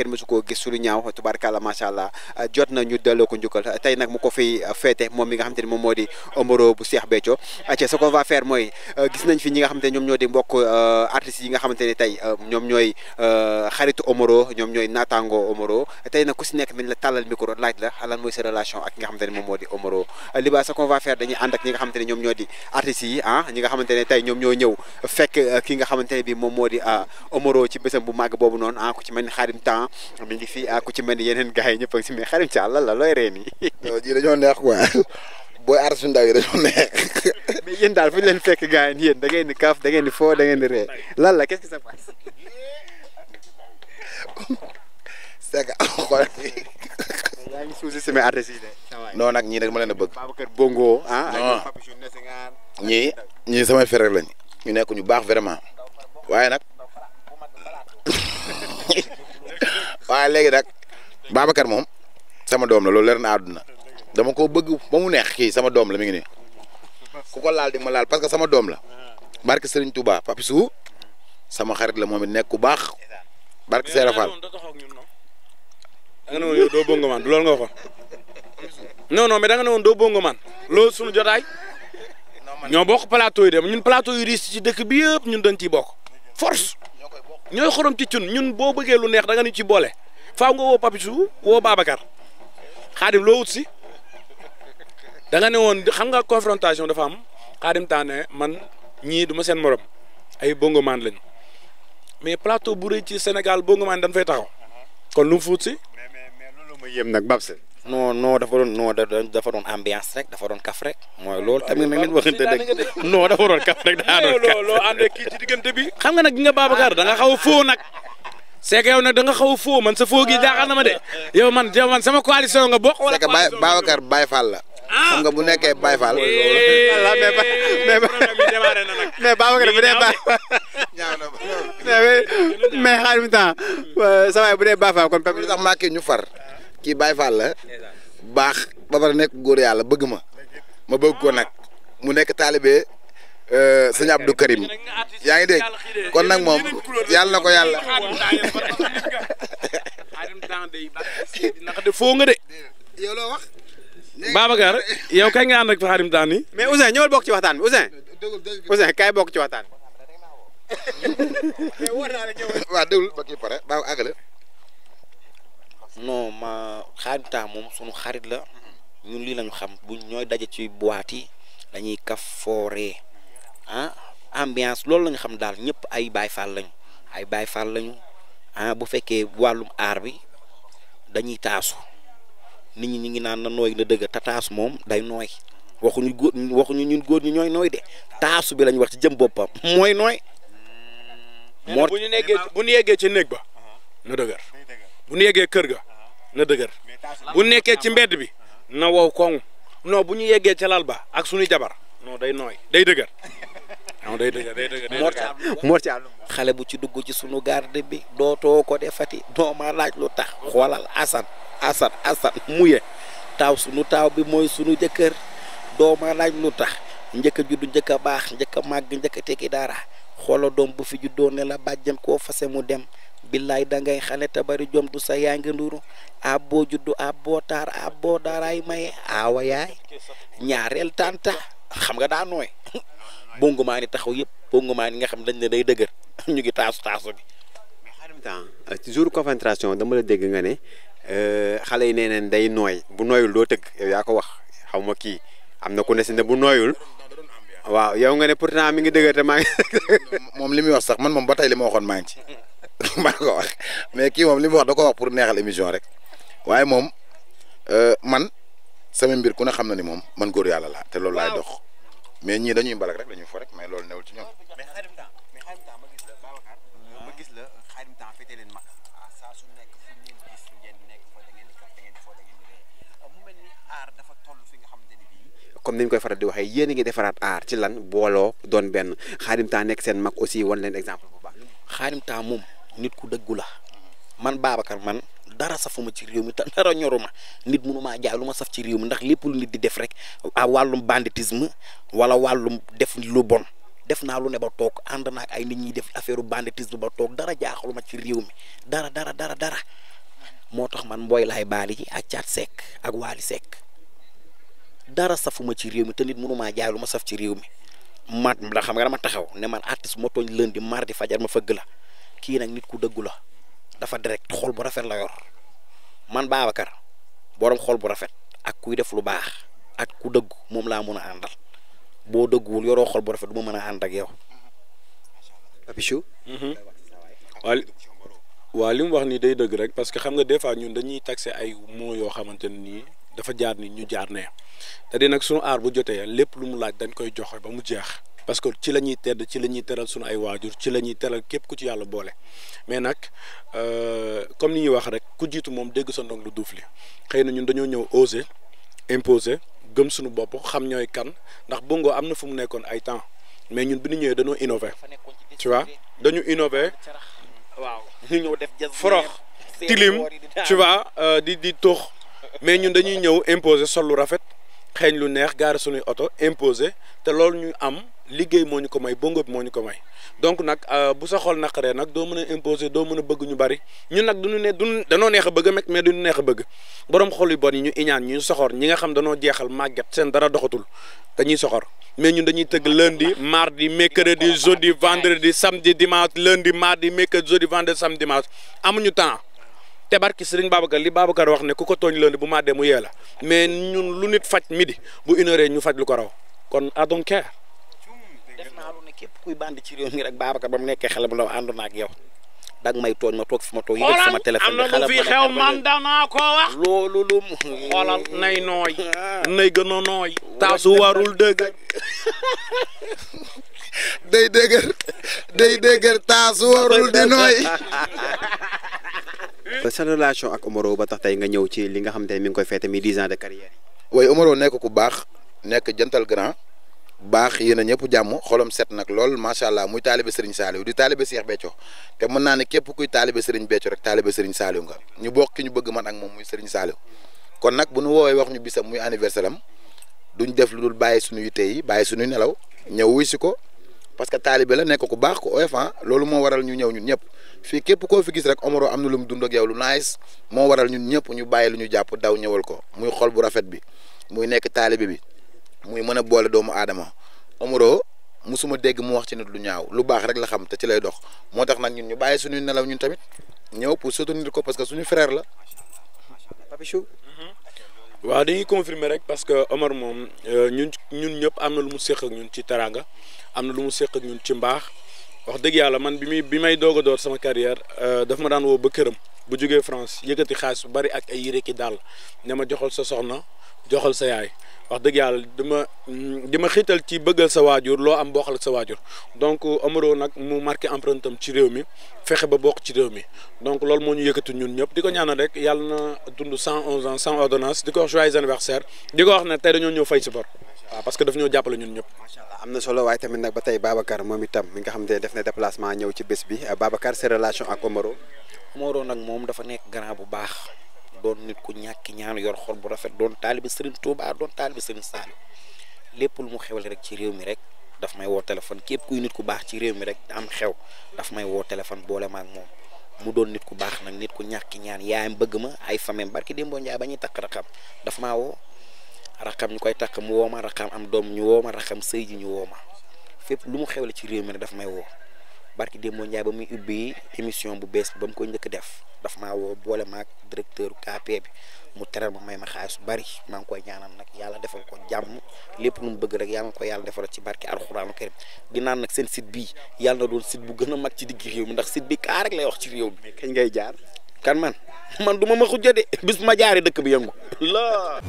kenn mësu koo gis su lu ñaaw tubaarkàlla macha allah jot na ñu delloo ko njukkal tey nag mu ko fiy moom mi nga xamante euh, euh, euh, ne la tàllal micro laaj la lan mooy sa relation ak ki nga xamante ne moom moo di Omaro liba ce ci bésam bu màgg boobu noonu ah ku ci mel ni Temps mi ngi fi ah ci mel yeneen gars yi ñëpp ak si mais xarim Thiam lan la looy reen yi. ji dañoo neex quoi booy artiste ndaw yi dañoo neex. mais yéen daal fu ñu leen fekk gars da ngeen foo da ngeen lan la qu'est-ce qui se passe. c'est que xool. yaa ñii rek ma leen a bëgg. Babacar Bongo ah. non ñii ñii samay frère lañ ñu nekk ñu baax vraiment waaye nag. waaye léegi nag Babacar moom sama doom la loolu leer na àdduna dama ko bëgg ba mu neex kii sama doom la mi ngi nii ko laal di ma laal parce que sama doom la barke Serigne Touba Papi Sou sama xarit la moom nekk ku baax barke Serigne Fall. da nga ne woon yow doo bongo man loolu nga waxoon non non mais da nga ne woon doo bongo man loolu suñu jotaay ñoo bokk plateau yi dem ñun plateau yu riis ci dëkk bi ñun dañ ciy bokk force. ñooy xorom ci cun ñun boo bëggee lu neex da nga ñu ci boole faaw nga woo Papichou woo Babacar xaadim loo wut si danga nga ne woon xam nga confrontation dafa am xaadim taane man ñii du ma seen morom ay bongomaan lañ mais plateau bu rëy ci Sénégal maan dañ fay taxaw kon lu fuut si. mais mais mais loolu ma yéem nag Babse non non dafa doon non dafa doon ambiance rek dafa doon kaf rek mooy loolu tamit na ngeen waxante dëgg non dafa doon kaf rek daa doon kaf loo àndee kii diggante bi xam nga nag gi nga Babacar da xaw foo nag c'est que yow nag da xaw foo man sa foo gi jaaxal na ma de yow man yow man sama coalition nga bokk wala Babacar Baye Fall la ah. xam nga bu nekkee Baye Fall eh. mais Babacar bu dee ba mais xaar mi temps sa waay bu dee Baye Fall kon pep lu tax maa kii ñu far kii Baye Fall la baax ba pare nekk góor yàlla bëgg ma ma bëgg ko nag mu nekk taalibe du euh, Abdou Karim yaa ngi dégg nag moom yàlla na ko yàlla. foo nga de. yow loo wax. Babacar yow kañ nga ànd ak Xaadim Taan ci waxtaan bi Ousseyn. bok ci waxtaan non ma Khadim Temps moom sunu xarit la ñun lii lañu xam buñ ñooy daje ci boîte yi dañuy kaf fooree ah ambiance loolu lañu xam daal ñëpp ay Baay Faal lañu ay Baay Faal lañu ah bu fekkee wàllum aar bi dañuy taasu nit ñi ñu ngi naan na nooy na dëgg te taas moom day nooy waxuñu góor ñu ñun góor ñi ñooy nooy de taasu bi lañu wax ci jëm boppam mooy nooy. moo bu ñu nekkee bu ñu yeggee ci néeg ba na dëgër. bu ñu yeggee kër ga na dëgër bu nekkee ci mbedd bi na wow koŋ non bu ñu yeggee ca lal ba ak suñu jabar non day nooy day dëgër non day dëgër day dëgër Mor Thiam xale bu ci dugg ci sunu garde bi dootoo ko defati doo ma laaj lu tax xoolal Assane Assane Assane muye taaw sunu taaw bi mooy sunu jëkkër doo laaj lu tax njëkk a juddu njëkk a baax njëkk a màgg njëkk a tekki dara xoola doom bu fi juddoo ne la bàjjen koo fase mu dem billaay da ngay xale te bari jom du sa yaa ngi nduru ab boo juddu ab boo taar ab boo daraay maye aawa yaay ñaareel tànta xam nga daa nooy bongumaan yi taxaw yëpp bongumaan yi nga xam dañ ne day dëgër ñu ngi taasu bi. mais en même temps toujours euh, concentration la dégg nga ne euh, yi nee neen day nooy bu nooyul doo tëgg yow yaa ko wax xaw ma kii am na ku ne si ne bu nooyul. waaw yow nga ne pourtant mi ngi dëgër te moom li muy wax sax man moom ba tey li ma waxoon maa ci. ma ko wax mais kii moom li mu wax da ko wax pour neexal émission rek waaye moom euh, man sama mbir ku ne xam na ni moom man góor yàlla laa te loolu laay dox mais ñii dañuy mbalak rek dañuy fo rek mais loolu new ci ñoom. mais xaarim gis la Babacar. ma gis ah, nekk fu aar dafa toll fi nga xamante ni bii. comme ni ñu koy faral di waxee yéen a ngi defaraat aar ci lan boolo doon benn xaarim temps nekk seen mak aussi won leen exemple bu moom nit ku dëggu la man Babacar man dara safuma ci réew mi te dara ñoruma nit mënumaa jaay lu ma saf ci réew mi ndax lépp lu di def rek wàllum banditisme wala wàllum def lu bon def naa lu ne ba toog ànd naa ay nit ñuy def affaire banditisme ba toog dara jaaxaluma ci réew mi dara dara dara dara moo tax man mbooy laay baali ji ak caat ak waali sekk dara safuma ci réew mi te nit mënumaa jaay ma saf ci réew mi mat ndax xam nga dama taxaw ne man artiste moo tooñ lundi di fajar ma fëgg la kii nag nit ku dëggu la dafa direct xol bu rafet la yor man Babacar borom xol bu rafet ak kuy def lu baax ak ku dëgg moom laa mën a àndal boo dëgguwul yoroo xol bu rafet du ma mën a ànd ak yow. Papichou. Mhm. waaw li mu wax nii day dëgg rek parce que xam nga des fois ñun dañuy taxé ay moo yoo xamante ne nii dafa jaar ni ñu jaar ne te à nag sunu aar bu jotee lépp lu mu laaj dañ koy joxe ba mu jeex. parce que ci lañuy ñuy tedd ci la ñuy teral suñu ay waajur ci la ñuy teral képp ku ci yàlla boole mais nag euh, comme ni ñuy wax rek ku jiitu moom dégg sa ndong lu duuf li xëy na ñun dañoo ñëw oser imposer gëm suñu bopp xam ñooy kan ndax bongo am na fu mu nekkoon ay temps mais ñun bi ñu ñëwee dañoo innover tu vois dañu innover waaw ñu ñëw def forox tilim tu euh, di di tux mais ñun dañuy ñëw imposer sol lu rafet xeeñ lu neex gaari suñuy oto imposer te loolu ñu am liggéey moo ñu ko may bongo bi moo ñu ko may donc nag euh, bu sa xol naqaree nag doo mën a imposer doo mën a bëgg ñu bari ñun nag duñu ne duñu danoo neex a bëgg mekk mais duñu neex a bëgg borom xol yu bon ñu iñaan ñu soxor ñi nga xam danoo jeexal màgget seen dara doxatul dañuy soxor mais ñun dañuy tëgg lundi mardi mercredi jeudi vendredi samedi dimanche lundi mardi mercredi jeudi vendredi samedi dimanche amuñu temps te barki sëriñ Babacar li Babacar wax ne ku ko tooñ lundi bu màddee mu yee la mais ñun lu nit faj midi bu une ñu faj lu ko raw kon I don't care képp kuy bandi ci réew mi rek Babacar ba mu nekkee xale bu ndaw àndu na ak yow dag may ma toog fi ma toog yëg sama téléphone bi xale fi xew man danaa ko wax loolu lu xoolal nay nooy nay gën a nooy taasu warul dëgg day dëgër day taasu warul di nooy sa ak Omaro ba tax tey nga ñëw ci li nga xam te mi ngi koy feete mi dix ans de carrière yi waaye Omaro nekk ku baax nekk jëntal grand baax yéen a ñëpp jàmm xolam set nag lool macha allah muy taalibe Serigne Saliou di taalibe Cheikh Béthio te mën naa ne képp kuy taalibe Serigne Béthio rek taalibe Serigne Saliou nga ñu bokk ki ñu bëgg man ak moom muy Serigne Saliou kon nag bu ñu woowee wax ñu bisam muy anniversaire am duñ def lu dul bàyyi suñuy yitte bàyyi suñuy nelaw ñëw wuy si ko parce que taalibe la nekk ko baax ko ku oyof ah. loolu moo waral ñu ñëw ñun ñëpp fii képp koo fi gis rek omoro am na lu mu dund ak yow lu moo waral ñun ñëpp ñu bàyyi lu ñu jàpp daw ñëwal ko muy xol bu rafet bi muy nekk taalibe bi muy mën a boole doomu aadama Omaro musuma dégg mu wax ci nit lu ñaaw lu baax rek la xam te ci lay dox moo tax nag ñun ñu bàyyi suñu nelaw ñun tamit ñëw pour soutenir ko parce que suñu frère la Papichou mhm. waaw dañuy confirmer rek parce que Omar moom euh, ñun ñun ñëpp am na lu mu séq ñun ci teraanga am na lu mu séq ak ñun ci mbaax wax dëgg yàlla man bi muy bi may doog a door sama carrière euh, dafa ma daan woo ba këram bu jógee France yëkkati xaalis bu bari ak ay yére ki daal ne ma joxal sa soxna joxal sa yaay wax dëgg yàlla dama dama xiital ci bëggal sa waajur loo am bokkal sa waajur donc Omaro nag mu marqué empreinte am ci réew mi fexe ba bokk ci réew mi donc loolu moo ñu yëkkati ñun ñëpp di ko ñaana rek yàlla na dund cent onze ans sans ordonnance di ko wax joyeux anniversaire di ko wax ne tey dañoo ñëw fay si bor waaw parce que daf ñoo jàppale ñun ñëpp. macha allah am na solo waaye tamit nag ba tey Babacar moom itam mi nga xam ne def na déplacement ñëw ci bés bi Babacar relation ak Omaro. Omaro nag moom dafa nekk grand bu baax. doon nit ku ñàkki ñaan yor xool bu rafet doon taalibi Serigne Touba doon taalibi Serigne Saliou lépp lu mu xewal rek ci réew mi rek daf may woo téléphone képp kuy nit ku baax ci réew mi rek am xew daf may woo téléphone boole ma moom mu doon nit ku baax nag nit ku ñàkki ñaan yaayam bëgg ma ay famem barki démboo Njaay ba ñuy takk raxam dafa maa woo raxam ñu koy takk mu woo ma raxam am doom ñu woo ma raxam sëy ji ñu woo ma fépp lu mu xewle ci réew mi rek dafa may woo barki Demba Ndiaye ba muy ubbi émission bu bees ba mu ko njëkk def daf ma woo boole maag directeur KP bi mu teral ma may ma xaalis su bari maa ngi koy ñaanal nag yàlla defal ko jàmm lépp lu mu bëgg rek yàlla na ko yàlla defal ci barki alxuraanu karim di naan nag seen site bii yàlla na doon site bu gën a mag ci digg réew mi ndax site bi kaa rek lay wax ci réew mi. kañ ngay jaar. kan man man du ma ma xujja de bis ma jaaree dëkk bi yëngu. la.